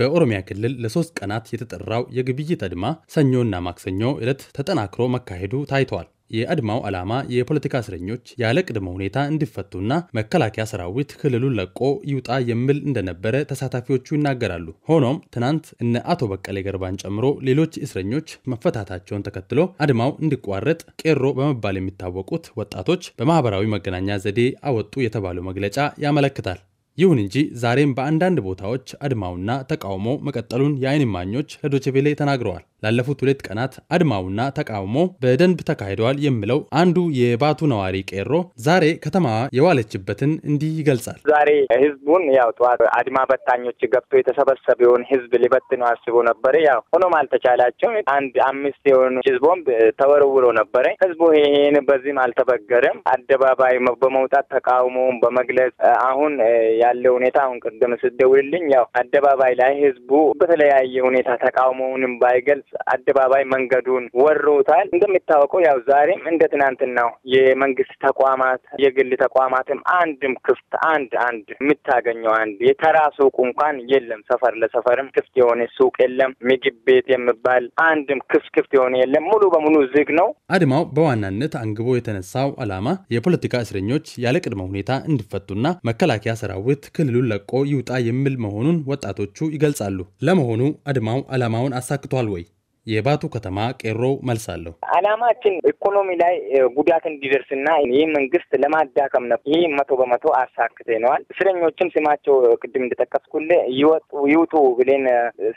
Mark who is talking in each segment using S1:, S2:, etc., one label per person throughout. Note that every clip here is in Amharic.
S1: በኦሮሚያ ክልል ለሶስት ቀናት የተጠራው የግብይት አድማ ሰኞና ማክሰኞ ዕለት ተጠናክሮ መካሄዱ ታይተዋል። የአድማው ዓላማ የፖለቲካ እስረኞች ያለ ቅድመ ሁኔታ እንዲፈቱና መከላከያ ሰራዊት ክልሉን ለቆ ይውጣ የሚል እንደነበረ ተሳታፊዎቹ ይናገራሉ። ሆኖም ትናንት እነ አቶ በቀሌ ገርባን ጨምሮ ሌሎች እስረኞች መፈታታቸውን ተከትሎ አድማው እንዲቋረጥ ቄሮ በመባል የሚታወቁት ወጣቶች በማህበራዊ መገናኛ ዘዴ አወጡ የተባለው መግለጫ ያመለክታል። ይሁን እንጂ ዛሬም በአንዳንድ ቦታዎች አድማውና ተቃውሞ መቀጠሉን የአይን ማኞች ለዶቼ ተናግረዋል። ላለፉት ሁለት ቀናት አድማውና ተቃውሞ በደንብ ተካሂደዋል የሚለው አንዱ የባቱ ነዋሪ ቄሮ ዛሬ ከተማዋ የዋለችበትን እንዲህ ይገልጻል።
S2: ዛሬ ህዝቡን ያው ጠዋት አድማ በታኞች ገብቶ የተሰበሰበውን ህዝብ ሊበትኑ አስቦ ነበረ። ያው ሆኖም አልተቻላቸውም። አንድ አምስት የሆኑ ህዝቦም ተወረውሮ ነበረ። ህዝቡ ይሄን በዚህም አልተበገረም። አደባባይ በመውጣት ተቃውሞውን በመግለጽ አሁን ያለው ሁኔታ አሁን ቅድም ስደውልልኝ ያው አደባባይ ላይ ህዝቡ በተለያየ ሁኔታ ተቃውሞውንም ባይገልጽ አደባባይ መንገዱን ወሮታል። እንደሚታወቀው ያው ዛሬም እንደ ትናንትናው የመንግስት ተቋማት የግል ተቋማትም አንድም ክፍት አንድ አንድ የምታገኘው አንድ የተራ ሱቁ እንኳን የለም። ሰፈር ለሰፈርም ክፍት የሆነ ሱቅ የለም። ምግብ ቤት የሚባል አንድም ክፍት ክፍት የሆነ የለም። ሙሉ በሙሉ
S1: ዝግ ነው። አድማው በዋናነት አንግቦ የተነሳው አላማ የፖለቲካ እስረኞች ያለ ቅድመ ሁኔታ እንዲፈቱና መከላከያ ሰራዊት ክልሉን ለቆ ይውጣ የሚል መሆኑን ወጣቶቹ ይገልጻሉ። ለመሆኑ አድማው አላማውን አሳክቷል ወይ? የባቱ ከተማ ቄሮ መልሳለሁ።
S2: አላማችን ኢኮኖሚ ላይ ጉዳት እንዲደርስና ይህ መንግስት ለማዳከም ነው። ይህ መቶ በመቶ አሳክተነዋል። እስረኞችም ስማቸው ቅድም እንደጠቀስኩል ይወጡ ይውጡ ብለን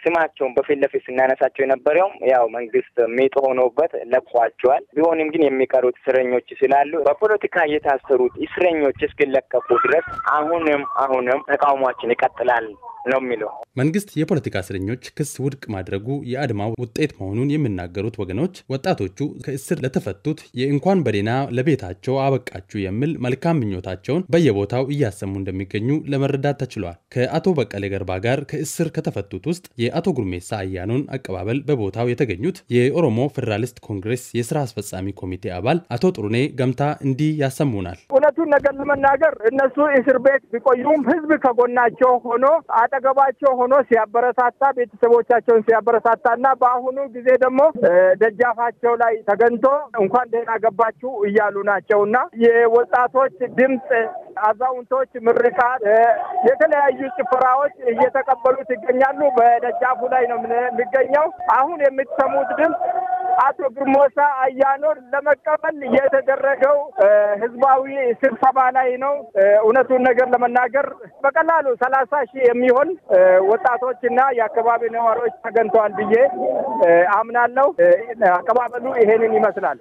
S2: ስማቸውን በፊት ለፊት ስናነሳቸው የነበረውም ያው መንግስት ሜጦ ሆኖበት ለቋቸዋል። ቢሆንም ግን የሚቀሩት እስረኞች ስላሉ በፖለቲካ የታሰሩት እስረኞች እስኪለቀቁ ድረስ አሁንም አሁንም ተቃውሟችን ይቀጥላል ነው የሚለው
S1: መንግስት የፖለቲካ እስረኞች ክስ ውድቅ ማድረጉ የአድማ ውጤት መሆኑን የሚናገሩት ወገኖች ወጣቶቹ ከእስር ለተፈቱት የእንኳን በደህና ለቤታቸው አበቃችሁ የሚል መልካም ምኞታቸውን በየቦታው እያሰሙ እንደሚገኙ ለመረዳት ተችሏል። ከአቶ በቀለ ገርባ ጋር ከእስር ከተፈቱት ውስጥ የአቶ ጉርሜሳ አያኖን አቀባበል በቦታው የተገኙት የኦሮሞ ፌዴራሊስት ኮንግሬስ የስራ አስፈጻሚ ኮሚቴ አባል አቶ ጥሩኔ ገምታ እንዲህ ያሰሙናል።
S3: እውነቱን ነገር ለመናገር እነሱ እስር ቤት ቢቆዩም ህዝብ ከጎናቸው ሆኖ አጠገባቸው ሆኖ ሲያበረታታ ቤተሰቦቻቸውን ሲያበረታታ እና በአሁኑ ጊዜ ደግሞ ደጃፋቸው ላይ ተገንቶ እንኳን ደህና ገባችሁ እያሉ ናቸው እና የወጣቶች ድምፅ አዛውንቶች ምርቃት፣ የተለያዩ ጭፈራዎች እየተቀበሉት ይገኛሉ። በደጃፉ ላይ ነው የሚገኘው። አሁን የምትሰሙት ድምፅ አቶ ግርሞሳ አያኖር ለመቀበል የተደረገው ህዝባዊ ስብሰባ ላይ ነው። እውነቱን ነገር ለመናገር በቀላሉ ሰላሳ ሺህ የሚሆን ወጣቶች እና የአካባቢ ነዋሪዎች ተገኝተዋል ብዬ አምናለሁ። አቀባበሉ ይሄንን ይመስላል።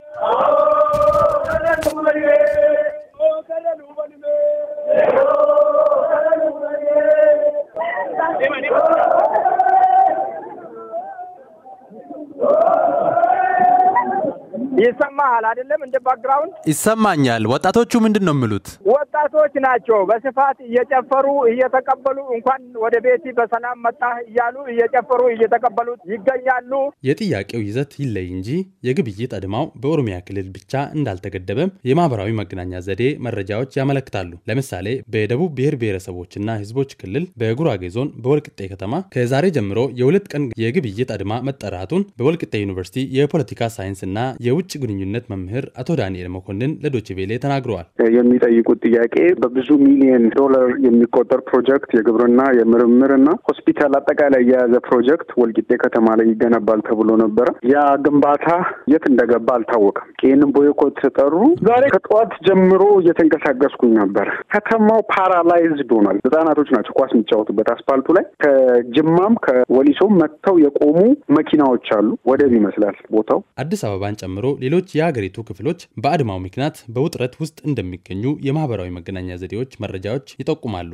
S3: ይሰማሃል አይደለም? እንደ ባክግራውንድ
S1: ይሰማኛል። ወጣቶቹ ምንድን ነው የሚሉት?
S3: ወጣቶች ናቸው በስፋት እየጨፈሩ እየተቀበሉ እንኳን ወደ ቤት በሰላም መጣህ እያሉ እየጨፈሩ እየተቀበሉ ይገኛሉ።
S1: የጥያቄው ይዘት ይለይ እንጂ የግብይት አድማው በኦሮሚያ ክልል ብቻ እንዳልተገደበም የማህበራዊ መገናኛ ዘዴ መረጃዎች ያመለክታሉ። ለምሳሌ በደቡብ ብሔር ብሔረሰቦችና ህዝቦች ክልል በጉራጌ ዞን በወልቅጤ ከተማ ከዛሬ ጀምሮ የሁለት ቀን የግብይት አድማ መጠራቱን በወልቅጤ ዩኒቨርሲቲ የፖለቲካ ሳይንስ እና የውጭ ግንኙነት መምህር አቶ ዳንኤል መኮንን ለዶችቬሌ ተናግረዋል።
S3: የሚጠይቁት ጥያቄ በብዙ ሚሊየን ዶላር የሚቆጠር ፕሮጀክት የግብርና የምርምርና ሆስፒታል አጠቃላይ የያዘ ፕሮጀክት ወልቂጤ ከተማ ላይ ይገነባል ተብሎ ነበረ። ያ ግንባታ የት እንደገባ አልታወቀም። ይህንን ቦይኮት ተጠሩ። ዛሬ ከጠዋት ጀምሮ እየተንቀሳቀስኩኝ ነበር። ከተማው ፓራላይዝድ ሆኗል። ህጻናቶች ናቸው ኳስ የሚጫወቱበት አስፓልቱ ላይ ከጅማም ከወሊሶም መጥተው የቆሙ መኪናዎች አሉ። ወደብ ይመስላል ቦታው
S1: አዲስ አበባን ጨምሮ ሌሎች የሀገሪቱ ክፍሎች በአድማው ምክንያት በውጥረት ውስጥ እንደሚገኙ የማህበራዊ መገናኛ ዘዴዎች መረጃዎች ይጠቁማሉ።